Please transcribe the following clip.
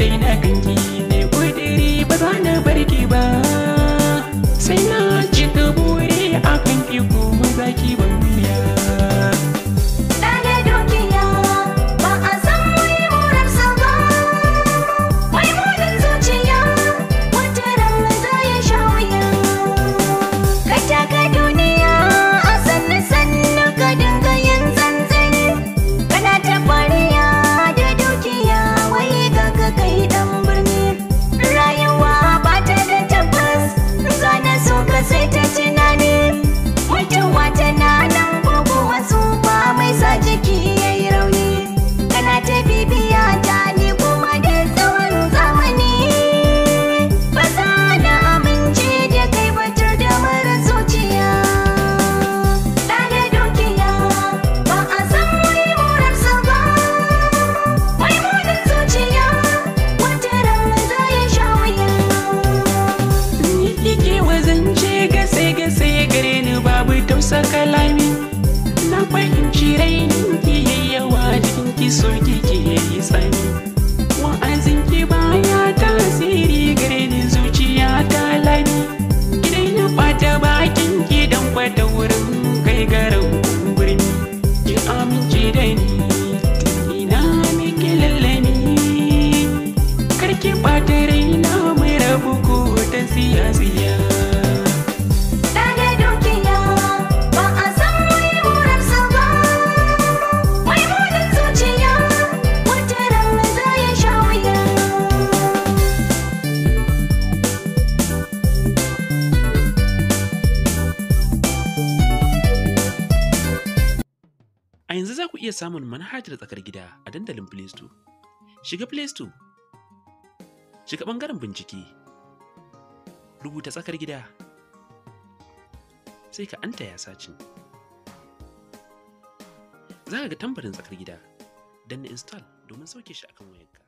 Irene, canza kalami na fahimci rainin ki yayyawa jikin ki so kike Yanzu za ku iya samun manhajar tsakar gida a dandalin Play Store. Shiga Play Store. Shiga ɓangaren bincike. Rubuta tsakar gida. Sai ka anta ya sacin. Za ka ga tambarin tsakar gida. Danna install domin sauke shi akan wayarka.